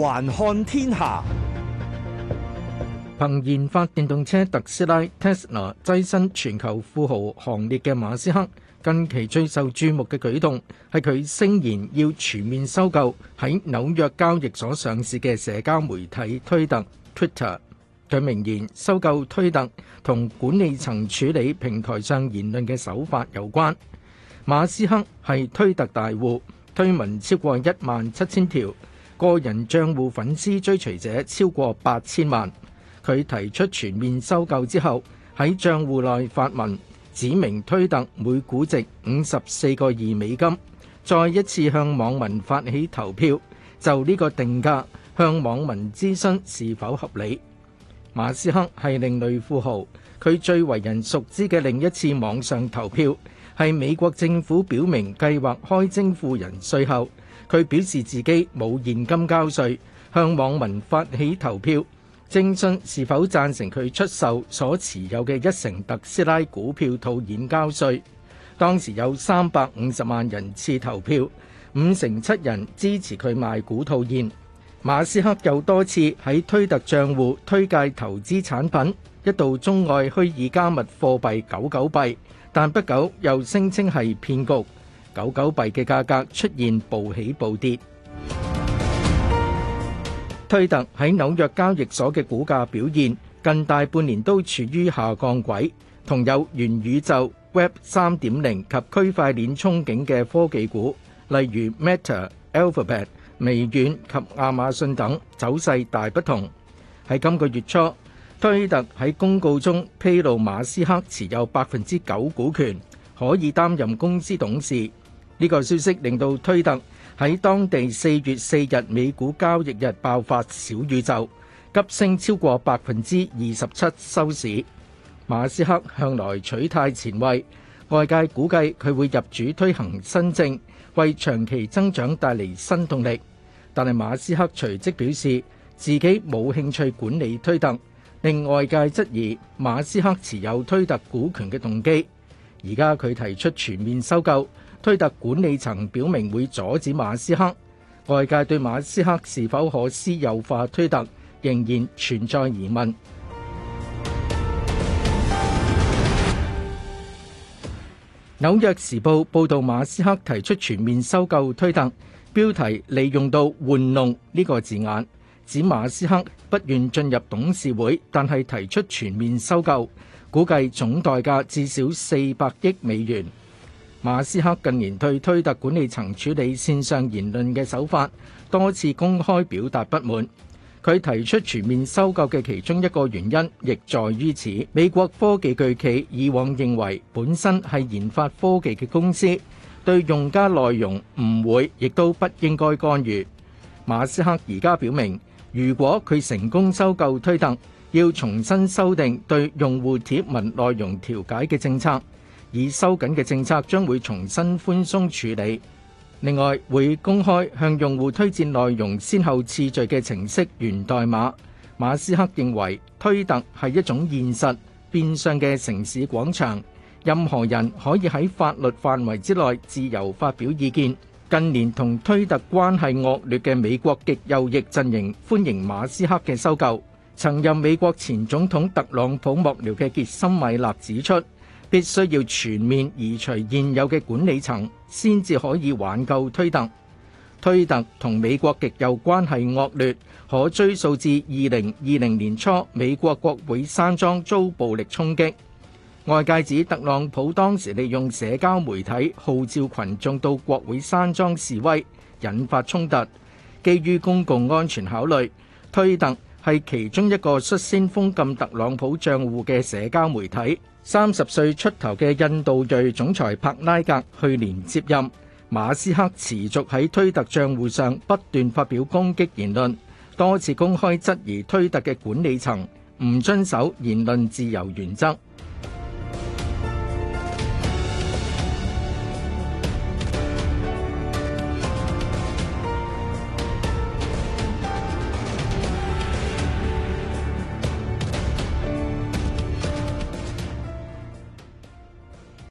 環看天下，憑研發電動車特斯拉 Tesla 躋身全球富豪行列嘅馬斯克，近期最受注目嘅舉動係佢聲言要全面收購喺紐約交易所上市嘅社交媒體推特 Twitter。佢明言收購推特同管理層處理平台上言論嘅手法有關。馬斯克係推特大戶，推文超過一萬七千條。個人帳戶粉絲追隨者超過八千萬。佢提出全面收購之後，喺帳戶內發文指明推特每股值五十四個二美金，再一次向網民發起投票，就呢個定價向網民諮詢是否合理。馬斯克係另類富豪，佢最為人熟知嘅另一次網上投票係美國政府表明計劃開徵富人稅後。佢表示自己冇現金交稅，向網民發起投票，徵詢是否贊成佢出售所持有嘅一成特斯拉股票套現交稅。當時有三百五十萬人次投票，五成七人支持佢賣股套現。馬斯克又多次喺推特賬戶推介投資產品，一度鍾愛虛擬加密貨幣狗狗幣，但不久又聲稱係騙局。狗狗幣嘅價格出現暴起暴跌。推特喺紐約交易所嘅股價表現近大半年都處於下降軌，同有元宇宙、Web 三點零及區塊鏈憧憬嘅科技股，例如 Meta、Alphabet、微軟及亞馬遜等走勢大不同。喺今個月初，推特喺公告中披露馬斯克持有百分之九股權。可以擔任公司董事，呢個消息令到推特喺當地四月四日美股交易日爆發小宇宙，急升超過百分之二十七收市。馬斯克向來取態前衛，外界估計佢會入主推行新政，為長期增長帶嚟新動力。但係馬斯克隨即表示自己冇興趣管理推特，令外界質疑馬斯克持有推特股權嘅動機。而家佢提出全面收購推特，管理層表明會阻止馬斯克。外界對馬斯克是否可私有化推特仍然存在疑問。紐 約時報報道，馬斯克提出全面收購推特，標題利用到玩弄呢、這個字眼，指馬斯克不願進入董事會，但係提出全面收購。估計總代價至少四百億美元。馬斯克近年對推特管理層處理線上言論嘅手法多次公開表達不滿，佢提出全面收購嘅其中一個原因亦在於此。美國科技巨企以往認為本身係研發科技嘅公司，對用家內容唔會，亦都不應該干預。馬斯克而家表明，如果佢成功收購推特，要重新修訂對用戶貼文內容調解的政策，以收緊的政策將會重新寬鬆處理。另外，會公開向用戶推薦內容先後次序的程式源代碼。馬斯克認為，推特係一種現實變相的城市廣場,任何人可以喺法律範圍之內自由發表意見。近年，同推特關係惡劣的美國極右翼陣營歡迎馬斯克的收購。曾任美國前總統特朗普幕僚嘅傑森米納指出，必須要全面移除現有嘅管理層，先至可以挽救推特。推特同美國極右關係惡劣，可追溯至二零二零年初美國國會山莊遭暴力衝擊。外界指特朗普當時利用社交媒體號召群眾到國會山莊示威，引發衝突。基於公共安全考慮，推特係其中一個率先封禁特朗普帳戶嘅社交媒體。三十歲出頭嘅印度裔總裁柏拉格去年接任，馬斯克持續喺推特帳戶上不斷發表攻擊言論，多次公開質疑推特嘅管理層，唔遵守言論自由原則。